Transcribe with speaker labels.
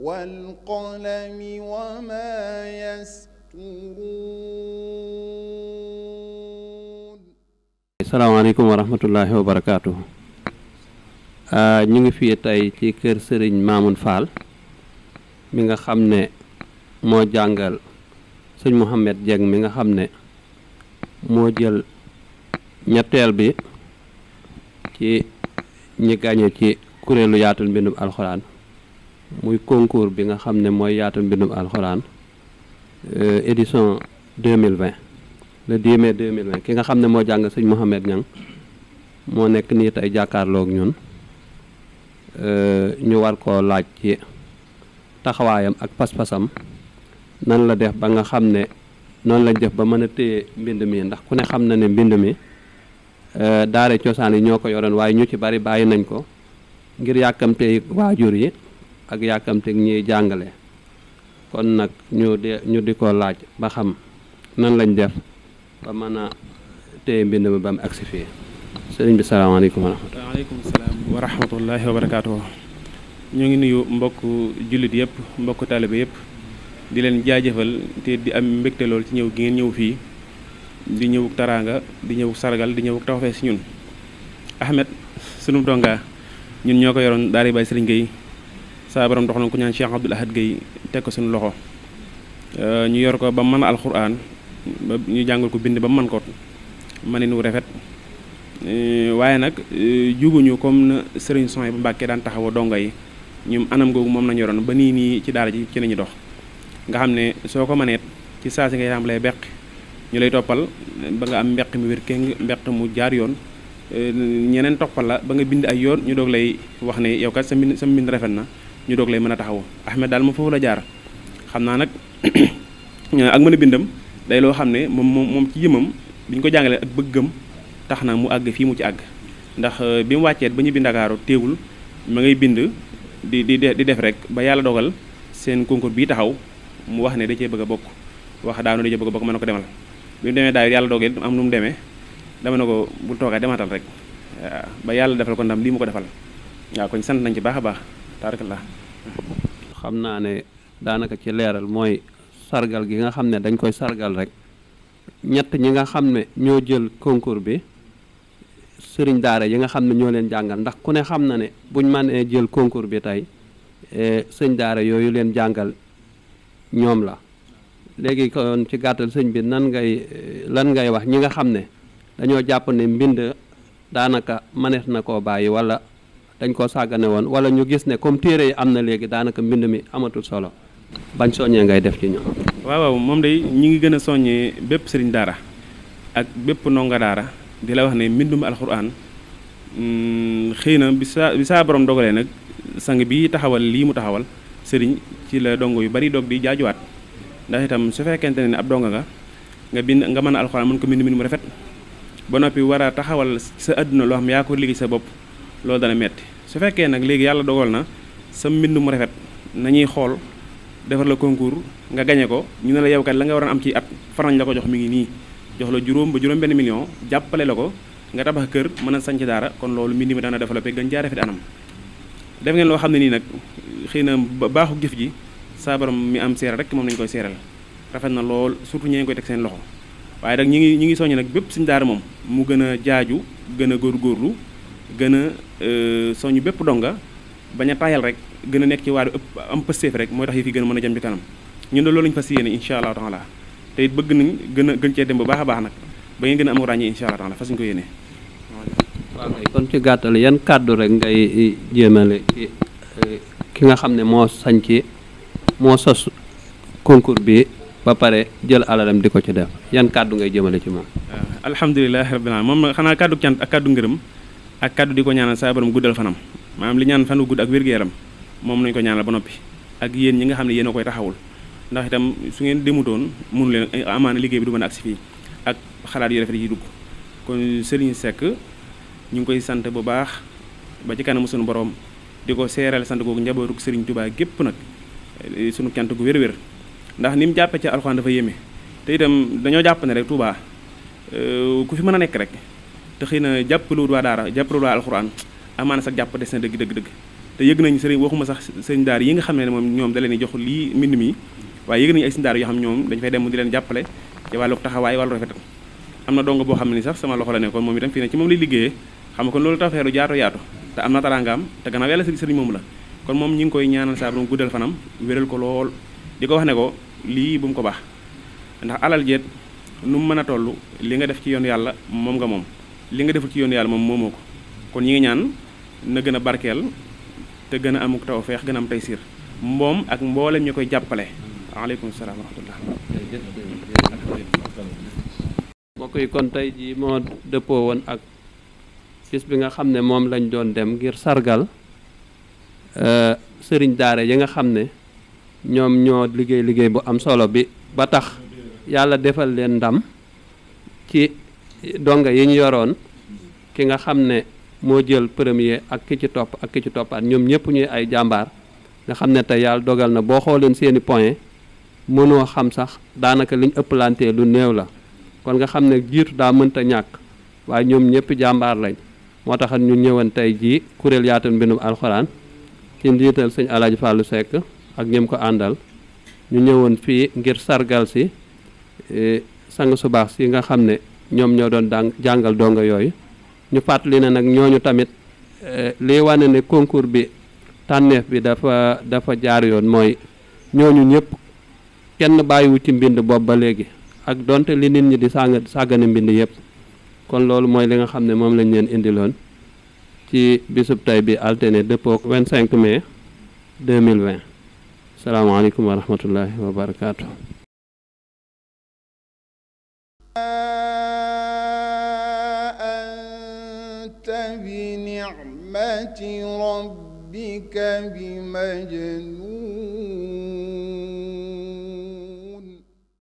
Speaker 1: والقلم وما يسطرون
Speaker 2: السلام عليكم ñu ngi fi tey ci kër sëriñ Mamoun Fall mi nga xam ne moo jàngal sëñ Mouhamed Dieng mi nga xam ne moo jël ñetteel bi ci ñi gàñe ci kuréelu yaatal mbindum alxuraan muy concours bi nga xam ne mooy yaatal mbindum alxuraan euh, édition deux mille vingt le 10 mai deux mille vingt ki nga xam ne moo jàng sëñ Mouhamed Niang moo nekk nii tey jàkkaarlook ñun euh, ñu war ko laaj ci taxawaayam ak pas-pasam nan la def ba nga xam ne noonu lañ def ba mën a téye mbind mi ndax ku ne xam na ne mbind mi euh, daare cosaan yi ñoo ko yoroon waaye ñu ci bari bàyyi nañ ko ngir yàkkamte waajur yi. ak yàkkamteeg ñuy jàngale kon nag ñu di ñu di ko laaj ba xam nan lañ def ba mën a téye mbind mi ba mu agsi fii sëriñ bi salaamaaleykum wa
Speaker 1: rahmatulah. waaleykum salaam wa rahmatullahi wa barakaatu. ñu ngi nuyu mbokk jullit yëpp mbokk taalibe yëpp di leen jaajëfal te di am mbégte lool ci ñëw gi ngeen ñëw fii di ñëwuk taraanga di ñëwuk sargal di ñëwuk tawfeex si ñun. Ahmed sunu donga ñun ñoo ko yoroon daara Baye Serigne Gueye saa borom dox nañ ko ñaan Cheikh Abdoul Ahad Gueye teg ko suñu loxo euh, ñu yor ko ba mu mën alxuraan ba ñu jàngal ko bind ba man ko manin wu rafet euh, waaye nag euh, juguñu comme na sëriñ Sohaibou Mbacké daan taxawa dongo yi ñu anam googu moom nañu yoroon ba nii nii ci daara ji ci nañu dox nga xam ne soo ko maneet ci saa si ngay tàmbalee beq ñu lay toppal ba nga am mbeq mi wér keng mbeq mu jaar yoon ñeneen toppal la ba nga bind ak yoon ñu doog lay wax ne yow kat sa rafet na ñu doog lay mën a taxawu Ahmed daal moom foofu la jaar xam naa nag ak mën a bindam day loo xam ne moom moom moom ci yëmam bi ko jàngalee ak bëggam tax na mu àgg fii mu ci àgg ndax euh, bi mu wàcceet ba ñu bi Ndakaaru teewul ma ngay bind di di di def rek ba yàlla dogal seen concours bii taxaw mu wax ne da cee bëgg bokk wax daanu da cee bokk mën na ko demal bi mu demee daaw yàlla dogal am nu mu demee dama ne ko bu bul toogaay demaatal rek ba yàlla defal ko ndam lii mu ko defal waaw kon sant nañ ci baax a baax tarik la xam naa ne daanaka ci leeral mooy sargal gi nga
Speaker 2: xam ne dañ koy sargal rek ñett ñi nga xam ne ñoo jël concours bi sëriñ daara yi nga xam ne ñoo leen jàngal ndax ku ne xam na ne buñ mënee jël concours bi tey eh, sëñ daara yooyu leen jàngal ñoom la léegi kon ci gàttal sëñ bi nan ngay lan ngay wax ñi nga xam ne dañoo jàpp ne mbind daanaka mënees na koo bàyyi wala dañ koo sàggane woon wala ñu gis ne comme
Speaker 1: téere yi am na léegi daanaka mbind mi amatul solo
Speaker 2: bañ soññee ngay def ci ñoom.
Speaker 1: waaw waaw moom day ñu ngi gën a soññee bépp sëriñ daara ak bépp ndongo daara di la wax ne mbindum alxuraan mm, xëy na bi sa bi saa borom dogalee nag sang bi taxawal lii mu taxawal sëriñ ci la dongo yu bari dog di jaajuwaat ndax itam su fekkente ne ab dongo nga nga bind nga mën a alxuraan mën ko mbind mbind mu rafet ba noppi war taxawal sa àdduna loo xam yaa ko sa bopp. loolu dana metti su fekkee nag léegi yàlla dogal na sa mbind mu rafet nañuy xool defar la concours nga gañe ko ñu ne la yow la nga waroon am ci at far la ko jox mi ngi nii jox la juróom ba juróom benn million jàppale la ko nga tabax kër mën a sanc daara kon loolu mbind mi dana développé gën jaa rafet anam def ngeen loo xam ne nii nag xëy na baaxu jëf ji saabaram mi am seere rek moom nañu koy seeral rafet na lool surtout ñi ngi koy teg seen loxo waaye nag ñi ngi ñi ngi soññi nag bépp suñu daara moom mu gën a jaaju gën a góorgóorlu gën a euh, soñu bépp donga bañ a rek gën a nekk ci waaru ëpp am pësteef rek mooy tax yi fi gën mën a jëm ci kanam ñun de loolu ñu fas yéene incha allah taala te bëgg nañ gën gën cee dem bu baax a baax nag ba ngeen gën a am ràññee incha allah taala fas ñu ko yéene. waaw
Speaker 2: kon ci gàttal yan kàddu rek ngay eh, jéemale
Speaker 1: ci eh,
Speaker 2: ki nga xam ne moo sañ ci moo sos concours bi ba pare jël alalam di ko ci def
Speaker 1: yan kàddu ngay jëmale ci moom. alhamdulilah rabbil alamin xanaa kàddu cant ak kàddu ngërëm. ak kàddu di ko ñaanal saa borom guddal fanam maanaam li ñaan fanu gudd ak wér-gu-yaram moom nañu ko ñaanal ba noppi ak yéen ñi nga xam ne yéen a koy taxawul ndax itam su ngeen demutoon mënu leen eh, amaana liggéey bi du mën a agsi fii ak xalaat yu rafet yi dugg kon Serigne sekk ñu ngi koy sant bu baax ba ci kanamu sunu borom di ko seeral sant googu njabootu Serigne Touba gépp nag eh, sunu cant gu wér-wér ndax ni mu jàppee ci alxuraan dafa yéeme te itam dañoo jàpp ne rek Touba eh, ku fi mën a nekk rek. te xëy na jàppaluwut waa daara jàppaluwut waa alxuraan amaana sax jàpp des na dëgg dëgg dëgg te yëg nañu sëriñ waxuma sax sëriñ daar yi nga xam ne moom ñoom da leen jox lii mbind mi waaye yëg nañu ay sëriñ daar yoo xam ñoom dañu fay dem di leen jàppale ci wàllu taxawaay wàllu rafetal am na dong boo xam ne ni sax sama loxo la nekkoon moom itam fii ne ci moom lay liggéeyee xam nga kon loolu tawfeeru jaato yaatu te am na taraangaam te gannaaw yàlla sëriñ kon moom ñi ngi koy ñaanal saa bu guddal fanam wéral ko lool di ko wax ne ko lii bu ko baax ndax alal jeet mu mën a toll li nga def ci yoon yàlla moom nga moom li nga deful ci yoonu yàlla moom moomoo ko kon ñi ngi ñaan na gën a barkeel te gën a amuk taw feex gën a am tey siir moom ak mboolem ñi koy jàppale aleykum salaam kon tey jii moo dëppoo woon ak
Speaker 2: bis bi nga xam ne moom lañ doon dem ngir sargal euh, sëriñ daara yi nga xam ne ñoom ñoo liggéey liggéey bu am solo bi ba tax yàlla defal leen ndam ci donga yi ñu yoroon ki nga xam ne moo jël premier ak ki ci topp ak ki ci toppaat ñoom ñëpp ñuy ay jàmbaar nga xam ne tey yàlla dogal na boo xooleen seeni point mënoo xam sax daanaka liñ ëpplantee lu néew la kon nga xam ne jiitu daa mënta ñàkk waaye ñoom ñëpp jàmbaar lañ moo tax ñu ñëwoon tey jii kuréel yaatal mbindum alxuraan ci njiital sëñ Alaaji lu Seck ak ñëm ko àndal ñu ñëwoon fii ngir sargal si eh, sang subaax baax si nga xam ne ñoom ñoo doon daan jàngal donga yooyu ñu fàttali na nag ñooñu tamit eh, liy wane ne concours bi tànneef bi dafa dafa jaar yoon mooy ñooñu ñëpp kenn bàyyiwu ci mbind boobu ba léegi ak donte li nit ñi di sàng sàggane mbind yëpp kon loolu mooy li nga xam ne moom lañ leen indiloon ci bisub tey bi alterné dëppook 25 mai 2020 salaamaaleykum wa rahmatullahi wa barakaatu.
Speaker 1: بنعمة ربك بمجنون